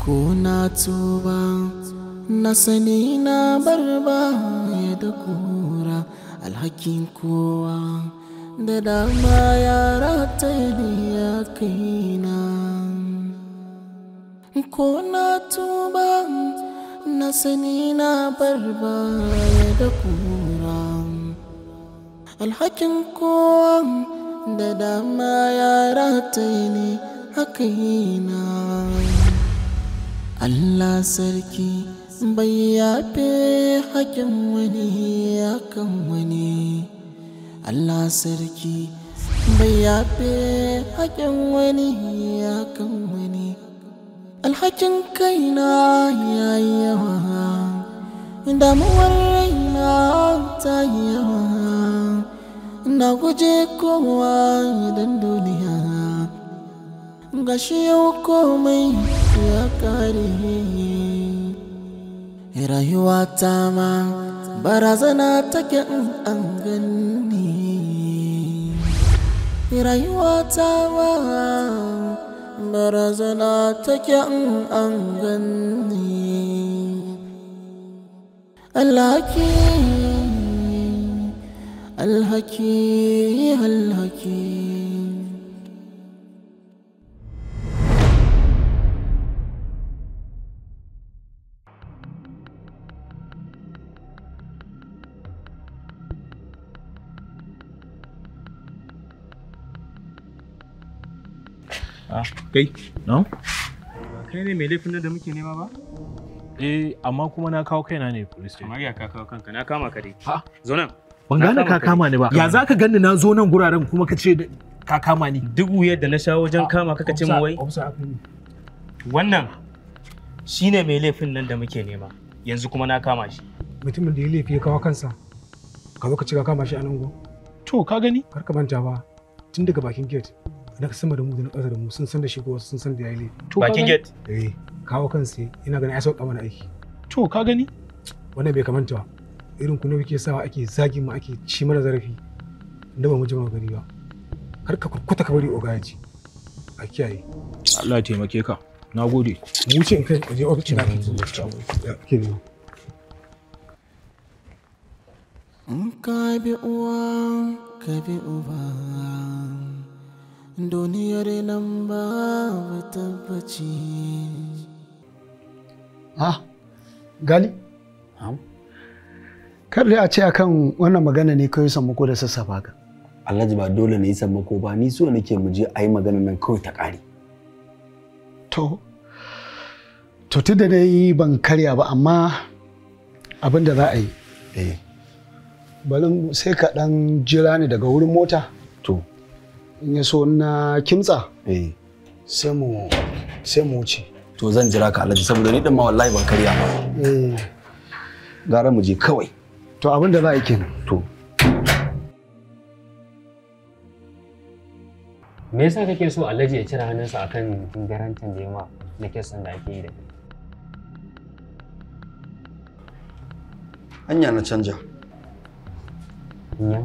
ko na tuba na sani na barba ya da kura alhakin kowa da dama yara ta ya kai ko na tuba na sani na barba ya da kura alhakin kowa da dama ya ta ne a na. Allah sarki bai yafe hakin wani ya kan wani Allah sarki bai yafe hakin wani ya kan wani alhakin kaina ya yi yawa damuwar raina ta yi yawa na guje kowa idan duniya gashi yau komai ya kare rayuwa ta ma barazana take in an ganni rayuwa ta ma barazana take in an gani alhaki alhaki alhaki Ah. Kai? No? Kai ne mai laifin da muke nema ba? Eh, amma kuma na kawo kaina ne police station. Kamar ya ka kawo kanka, na kama ka dai. Ha? Zo nan. Ban gane ka kama ni ba. Ya za ka ganni na zo nan guraren kuma ka ce ka kama ni. Duk wuyar da na sha wajen kama ka ce mu wai. Wannan shine mai laifin nan da muke nema. Yanzu kuma na kama shi. Mutumin da ya laifi ya kawo kansa. Ka zo ka ci ka kama shi a nan go. To ka gani? Kar ka manta ba. Tun daga bakin gate na sama da mu da na ƙasa da mu sun san da shi wasu sun san da yayi laifi bakin gate eh kawo kansa ina ganin ai sauka mana aiki to ka gani wannan bai kamanta ba irin ku ne kuke sawa ake zagi mu ake ci mana zarafi da ba mu ji gani ba har ka kurkuta ka bari ogaji a kiyaye Allah ya taimake ka na gode mu ce in kai je ofishin da ke ne in ka bi uwa ka bi uba duniyar nan ba tabbaci ah gali kar dai a ce akan wannan magana ne kai sammako da sassafa ka Alhaji ba dole ne yi sammako ba ni so nake mu je a magana nan kawai ta ƙare to to tun da dai ban karya ba amma abin da za a yi eh bari sai ka dan jira ni daga wurin mota to in ya so na kimtsa eh. sai mu sai mu wuce to zan jira ka alhaji saboda ni din ma wallahi ban karya ba eh. gara mu je kawai to abin da za a yi kenan to me yasa kake so alhaji ya cire hannunsa akan garantin da yawa na kesan da ake yi da hanya na canja. Hanya?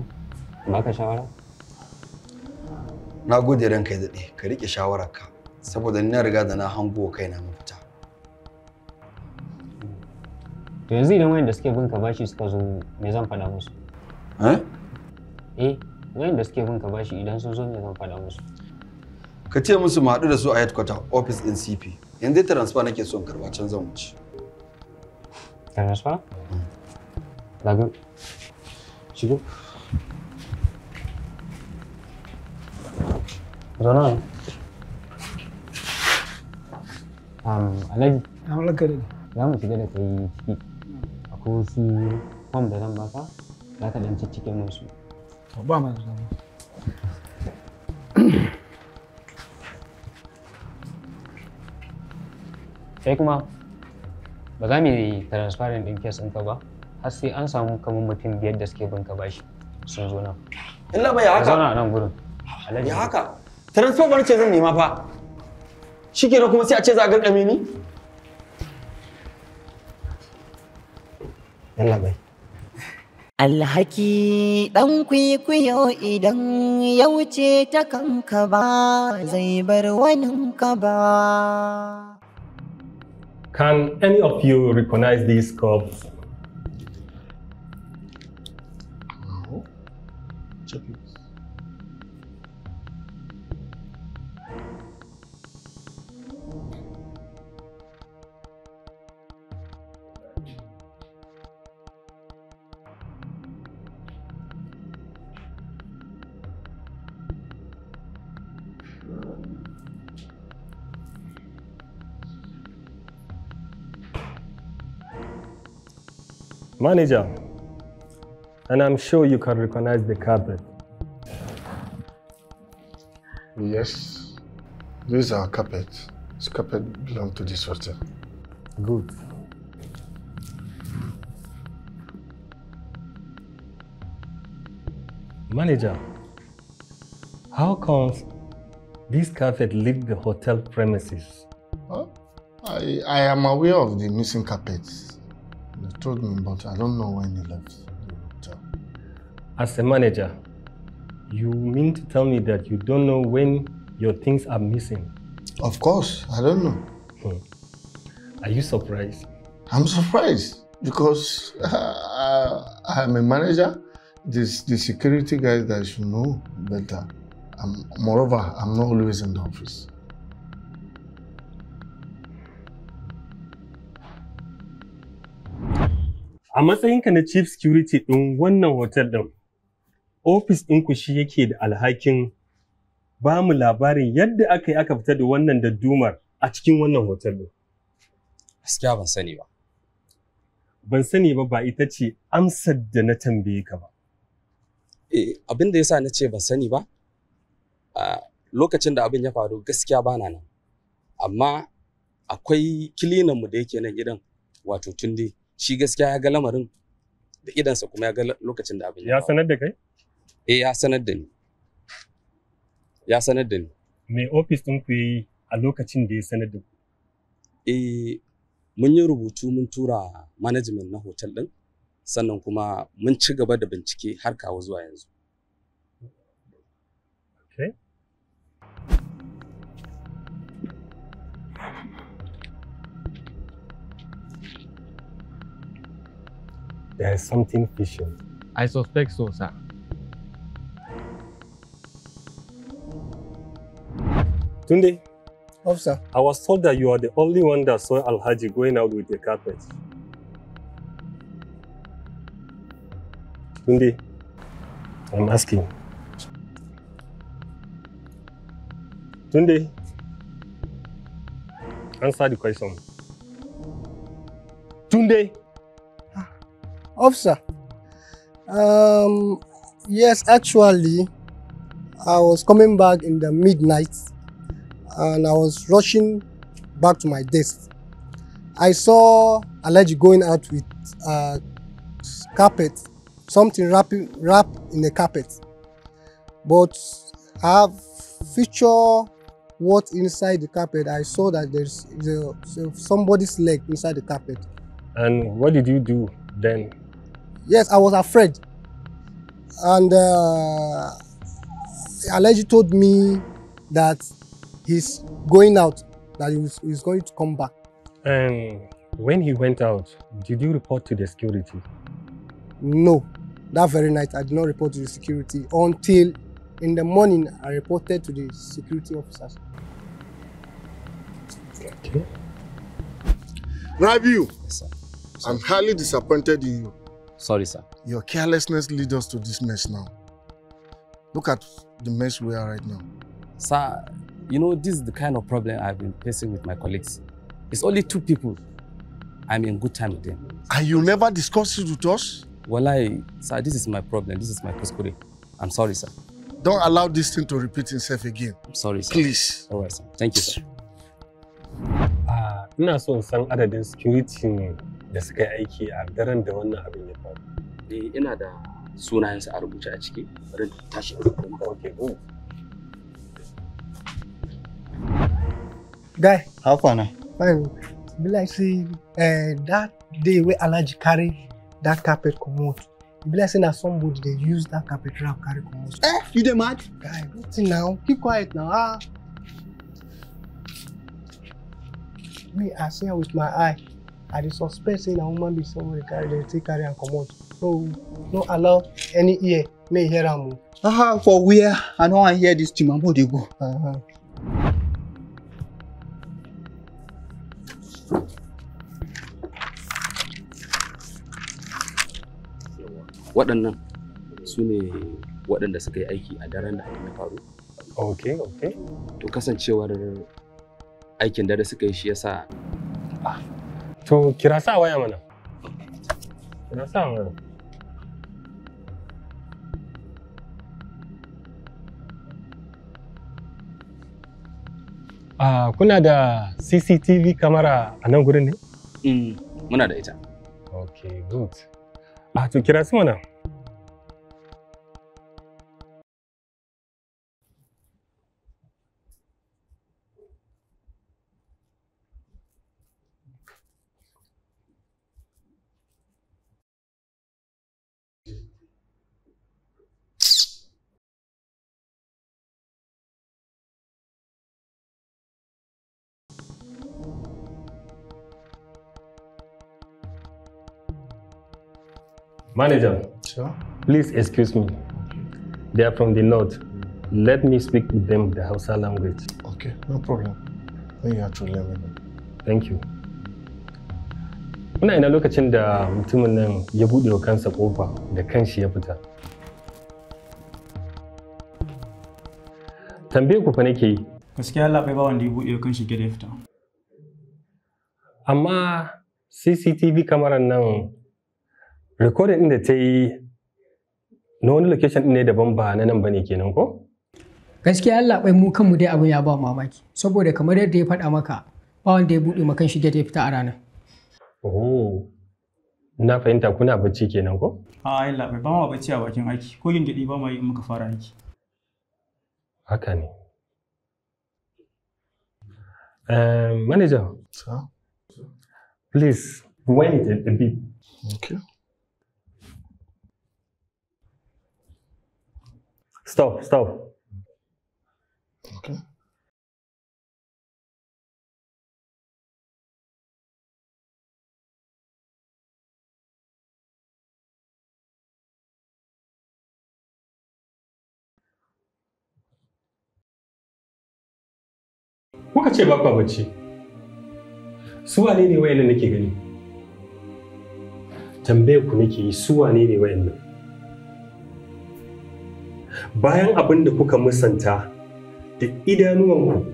Ba ka shawara? na gode ran kai daɗe ka riƙe shawararka saboda ni na riga da na hango kaina mafita to yanzu idan wayanda suke bin ka bashi suka zo me zan faɗa musu eh eh wayanda suke bin ka bashi idan sun zo me zan faɗa musu ka ce musu mu haɗu da su a headquarter office din CP yanzu transfer nake son karba can zan wuce transfer hmm. daga shigo zauna ne alhaji za mu shiga da kai ciki akwai wasu fam da zan baka za ka ɗan cikin musu ba kuma ba za mu yi kuma, ɗin kes ɗinka ba har sai an samu kamar mutum biyar da suke bin ka sun zo nan. In labai ya haka? Zauna a nan gurin. transformer ce zan nema fa shikenan kuma sai a ce za a garkame ni Allah bai Alhaki ɗan kwikwiyo idan ya wuce ta kanka ba zai bar waninka ba. Can any of you recognize these curve? Manager, and I'm sure you can recognize the carpet. Yes, this is our carpet. This carpet belongs to this hotel. Good. Manager, how comes this carpet leaked the hotel premises? I, I am aware of the missing carpets they told me, but I don't know when he left the hotel. As a manager, you mean to tell me that you don't know when your things are missing? Of course, I don't know. Hmm. Are you surprised? I'm surprised because uh, I'm a manager. This the security guys that should know better. I'm, moreover, I'm not always in the office. A matsayinka na chief security ɗin wannan hotel ɗin, ofis ɗinku shi yake da alhakin ba mu labarin yadda aka yi aka fita da wannan daddumar a cikin wannan hotel ɗin. Gaskiya ban sani ba. Ban sani ba ba ita ce amsar da na tambaye ka ba. Eh, abin da ya na ce ban sani ba, lokacin da abin ya faru gaskiya bana nan. Amma akwai kilinanmu da yake nan gidan wato tunde. shi gaskiya ya ga lamarin da idansa kuma ya ga lokacin da abin ya sanar da kai eh ya sanar da ni ya sanar da ni me office din ku yi a lokacin da ya sanar da ku eh mun yi rubutu mun tura management na hotel din sannan kuma mun ci gaba da bincike har kawo zuwa yanzu okay. There is something fishy. I suspect so, sir. Tunde. Officer. I was told that you are the only one that saw Alhaji going out with the carpet. Tunde, I'm asking. Tunde, answer the question. Tunde! Officer, um, yes, actually, I was coming back in the midnight and I was rushing back to my desk. I saw Alaji going out with a uh, carpet, something wrapped in a carpet. But I have feature what inside the carpet. I saw that there's, there's somebody's leg inside the carpet. And what did you do then Yes, I was afraid. And uh, told me that he's going out, that he's going to come back. And when he went out, did you report to the security? No. That very night, I did not report to the security until in the morning, I reported to the security officers. Okay. Rabiu, yes, I'm highly disappointed in you. Sorry, sir. Your carelessness leads us to this mess now. Look at the mess we are right now. Sir, you know, this is the kind of problem I've been facing with my colleagues. It's only two people. I'm in good time with them. And you never discuss it with us? Well, I, sir, this is my problem. This is my kuskure. I'm sorry, sir. Don't allow this thing to repeat itself again. I'm sorry, sir. Please. All right, sir. Thank you, sir. Uh, ah, not so other than security da suka yi aiki a daren da wannan abin ya faru eh ina da sunayensu a rubuce a ciki bari tashi okay go guy how far fine be like say uh, that day wey alhaji carry that carpet comot e be like say na somebody dey use that carpet wrap carry comot. eh you dey mad. guy wetin na keep quiet na ah me i see am with my eye i dey suspect say na woman be somebody carry dem take carry am comot no no allow any ear make e hear am o. ah for where i no wan hear dis thing my body go. Uh -huh. waɗannan su ne waɗanda suka yi aiki a daren da abin ya faru. Ok, ok. To kasancewar aikin dare suka yi shi yasa ah, To kira sa waya mana. Kira sa mana. Uh, kuna da CCTV kamera a nan gurin ne? Mm, muna da ita. Okay, good. Ah, to kira su mana. Manager, sure. please excuse me. They are from the north. Let me speak with them the Hausa language. Okay, no problem. Then you have to let Thank you. Muna ina lokacin da mutumin nan ya buɗe wa kansa ƙofa da kanshi ya fita. Tambaye ku fa nake yi. Gaskiya Allah bai ba wanda ya buɗe wa kanshi gida ya fita. Amma CCTV kamarar nan recording din da ta yi na wani location ɗin ne daban ba na nan ba ne kenan ko gaskiya Allah bai mu kanmu dai abin ya ba mamaki saboda kamar yadda ya faɗa maka ba wanda ya buɗe makan shi da ya fita a ranar oh na fahimta kuna bacci kenan ko a Allah bai ba ma bacci a bakin aiki ko yin gingidi ba ma yi muka fara aiki haka ne eh, manager please when it a bit okay Stop, stop. Okay. Kuka ce ba kwa bacci. Su wane ne wayannan nake gani? Tambayar ku nake yi su wane ne wayannan? bayan abin da kuka musanta da idanuwanku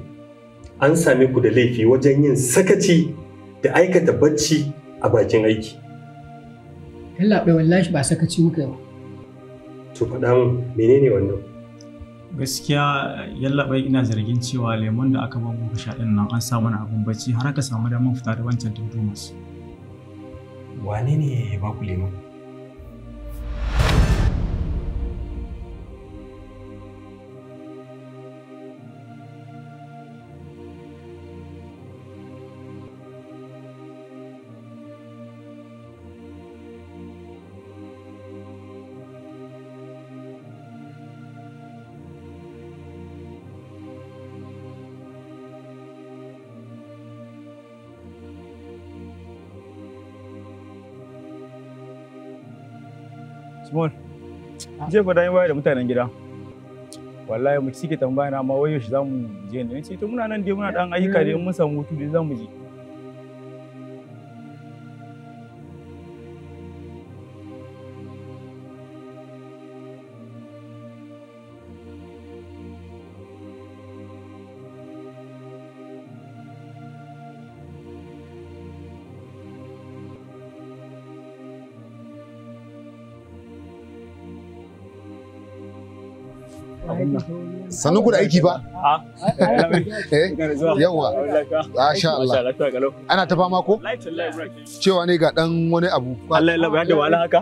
an same ku da laifi wajen yin sakaci da aikata bacci a bakin aiki. Yallaɓe wallahi ba sakaci muka yi ba. To faɗa mun menene wannan? Gaskiya yallaɓe ina zargin cewa lemon da aka bamu ga shaɗin nan an samu na abin bacci har aka samu damar fita da wancan tuntumas. Wane ne ya ba ku lemon? Simon, Je fa dan waya da mutanen gida. Wallahi mu suke tambaya na ma wayo shi zamu je ne. Ce to muna nan dai muna dan ayyuka dai mun samu hutu dai zamu je. sannan ku aiki ba eh? yawa sha Allah ana ta fama ko cewa ne ga dan wani abu Allah ya da wahala haka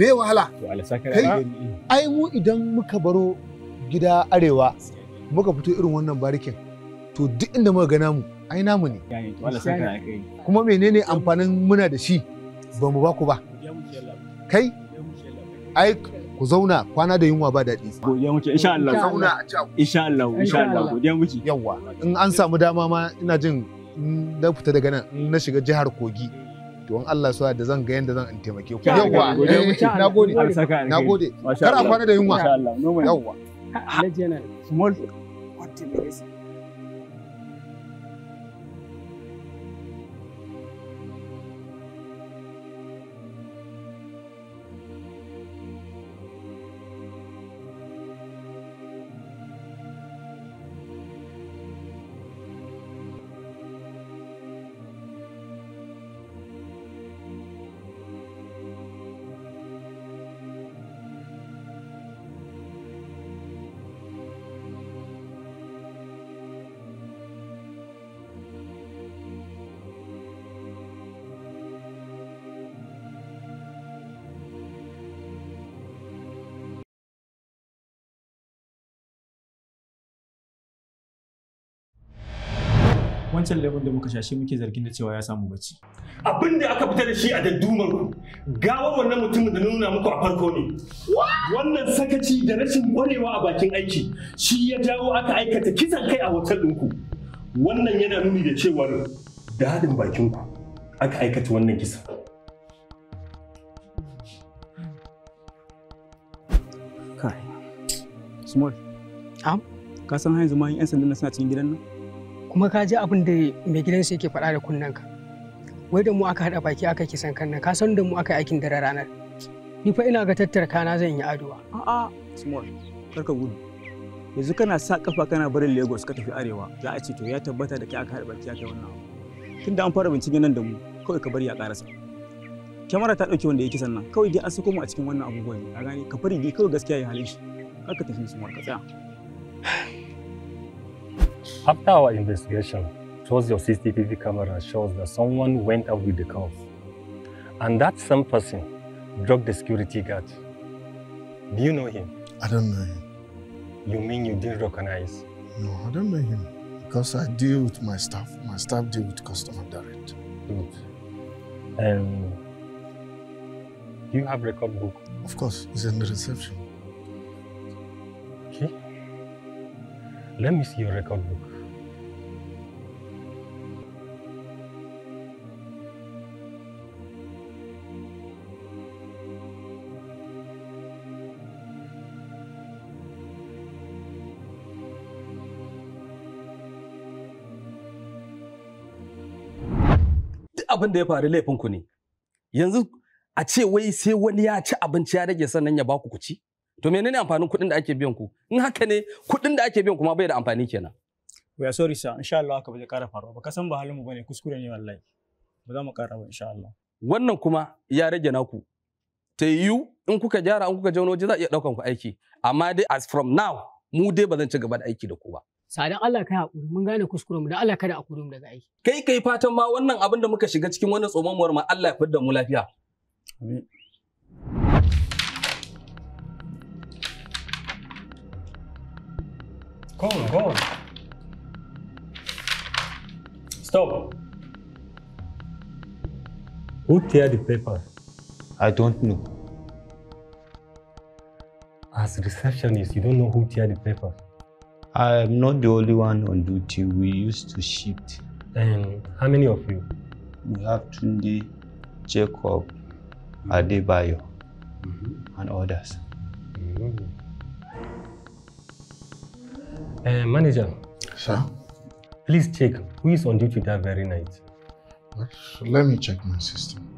me wahala kai ai mu idan muka baro gida arewa muka fito irin wannan barikin to duk inda muka ga namu ai namu ne kuma menene amfanin muna da shi ba mu ba ku ba kai ku zauna kwana da yunwa ba daɗi. Godiya muke insha Allah. Zauna a ci Insha Allah insha Allah godiya muke. Yawwa in an samu dama ma ina jin na fita daga nan in na shiga jihar Kogi. To in Allah so da zan ga yanda zan in taimake ku. Yawwa eh, na gode. Na gode. kar a kwana da yunwa. Insha Allah. Yawwa. Alhaji yana small contingency. wancan lemon da muka shashi muke zargin da cewa ya samu bacci abin da aka fita da shi a daddumar ku gawar wannan mutumin da nuna muku a farko ne wannan sakaci da rashin ƙwarewa a bakin aiki shi ya jawo aka aikata kisan kai a hotel ɗinku wannan yana nuni da cewar da haɗin bakin ku aka aikata wannan kisa kai small am ka san hanyar ma yan sanda na suna cikin gidan nan kuma ka ji abin da mai gidansa yake faɗa da kunnanka wai da mu aka haɗa baki aka kisan kan nan ka san da mu aka yi aikin dare ranar ni fa ina ga tattara kana zan yi aduwa a'a small karka gudu yanzu kana sa kafa kana barin lagos ka tafi arewa za a ce to ya tabbata da kai aka haɗa baki aka yi wannan tun da an fara binciki nan da mu kawai ka bari a ƙarasa kyamara ta ɗauki wanda ya kisan kawai dai an sako mu a cikin wannan abubuwan ne ka gane ka fari dai kawai gaskiya ya halin shi ka tafi small ka tsaya After our investigation, towards your CCTV camera shows that someone went out with the cars, And that same person drug the security guard. Do you know him? I don't know him. You mean you didn't recognize? No, I don't know him. Because I deal with my staff. My staff deal with customer direct. Good. Um, you have record book? Of course, it's in the reception. Okay. Let me see your record book. abin da ya faru laifin ku ne yanzu a ce wai sai wani ya ci abinci ya rage sannan ya baku ku ci to menene amfanin kuɗin da ake biyan ku in haka ne kuɗin da ake biyan ku ma bai da amfani kenan we are sorry sir insha Allah haka ba zai ƙara faruwa ba ka san ba halin mu bane kuskure ne wallahi ba za mu ƙara ba insha Allah wannan kuma ya rage naku ta yiwu in kuka gyara in kuka je wani waje za a iya ɗaukan ku aiki amma dai as from now mu dai ba zan ci gaba da aiki da ku ba sadan Allah kai hakuri mun gane kuskuren mu da Allah kada a mu daga aiki kai kai fatan ma wannan abin da muka shiga cikin wannan tsomamuwar ma Allah ya fidda mu lafiya amin Go on, go on. Stop. Who tear the paper? I don't know. As receptionist, you don't know who tear the paper. I'm not the only one on duty. We used to shift. And how many of you? We have Tunde, Jacob, mm -hmm. Adebayo, mm -hmm. and others. Mm -hmm. uh, manager. Sir? Please check who is on duty that very night. Let me check my system.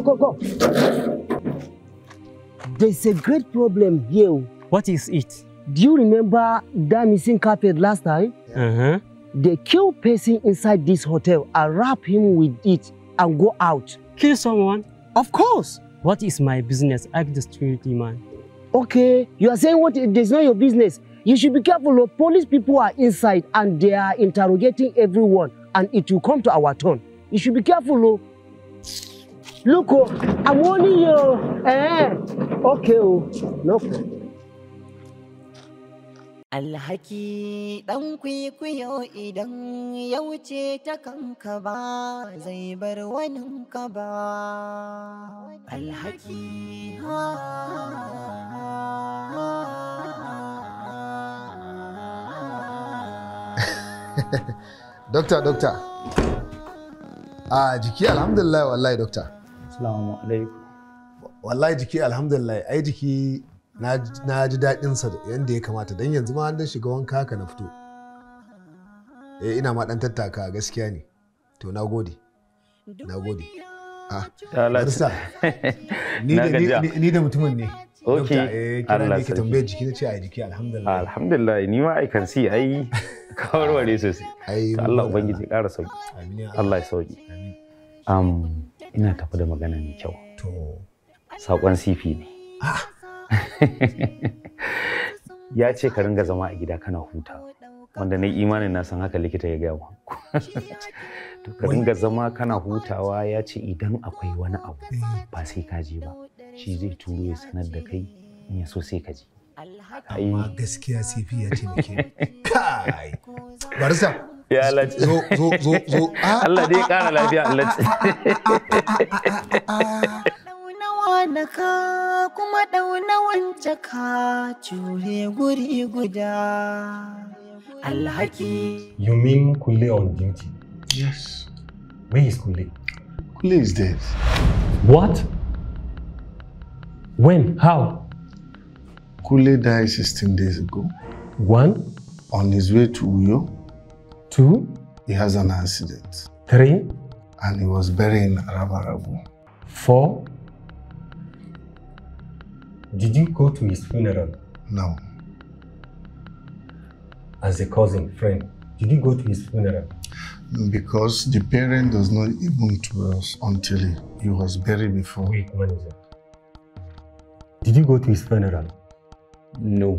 go, go, go. There's a great problem here. Oh. What is it? Do you remember that missing carpet last time? Uh-huh. They kill person inside this hotel and wrap him with it and go out. Kill someone? Of course. What is my business? Ask the security man. Okay, you are saying what it is not your business. You should be careful. The oh. police people are inside and they are interrogating everyone and it will come to our turn. You should be careful. Though. Look, oh, I'm warning you. Eh, okay, oh, no problem. Alhaki ɗan kwikwiyo idan ya wuce ta kanka ba zai bar wani ka ba. Alhaki ha doctor dokta. A ah, jiki alhamdulillah wallahi doctor Assalamu alaikum. Wallahi jiki alhamdulillah ai jiki na ji daɗin sa yadda ya kamata don yanzu ma dan shiga wanka ka na fito. Eh ina ma dan tattaka gaskiya ne. To na gode. Na gode. Ah, ni da mutumin ne. Ok, eh, Allah sarki. tambaye jiki na ce ai jiki alhamdulillah. Alhamdulillah, ni ma ai kan si ai kawarware sosai. Allah Ubangiji ƙara sauki. Allah ya sauki. Amin. ina tafi da magana mai kyau to saƙon sifi ne ah. ya ce ka ringa zama a gida kana huta wanda na imanin na san haka likita ya gaya to ka ringa zama kana hutawa ya ce idan akwai wani abu ba sai ka je ba shi zai turo ya sanar da kai in ya so sai ka je amma gaskiya sifi ya ce kai barisa ya Allah zo zo zo zo Allah dai kara lafiya Allah ka kuma dauna ka guri guda alhaki you mean kule on duty yes where is kule kule is dead what when how kule died 16 days ago one on his way to uyo Two, he has an accident. Three, and he was buried in Arabarabu. Four, did you go to his funeral? No. As a cousin, friend, did you go to his funeral? Because the parent was not even to us until he, he was buried before. Wait, manager. Did you go to his funeral? No.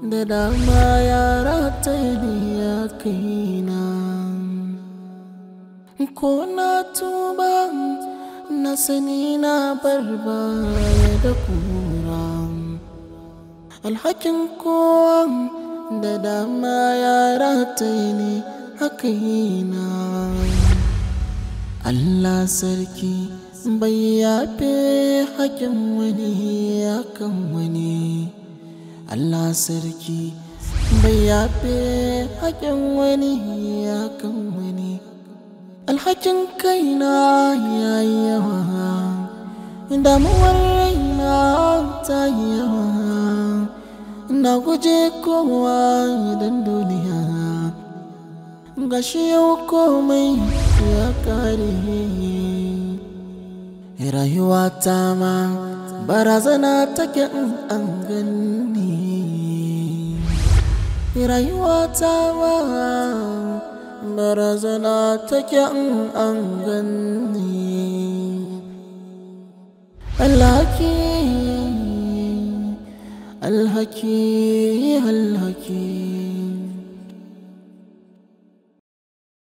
da dama yara ta ya kaina ko na tuba na sani na barba da kura alhakin kowa da dama yara ta ne a kaina allah sarki bai yafe hakin wani ya kan wani Allah sarki bai yafe haƙin wani ya kan wani alhakin kaina ya yi yawa damuwar raina ta yi yawa na guje kowa idan duniya gashi yau komai ya kare rayuwa ta ma barazana take in an ganni rayuwa ta wa barazana take in an ganni alhaki alhaki alhaki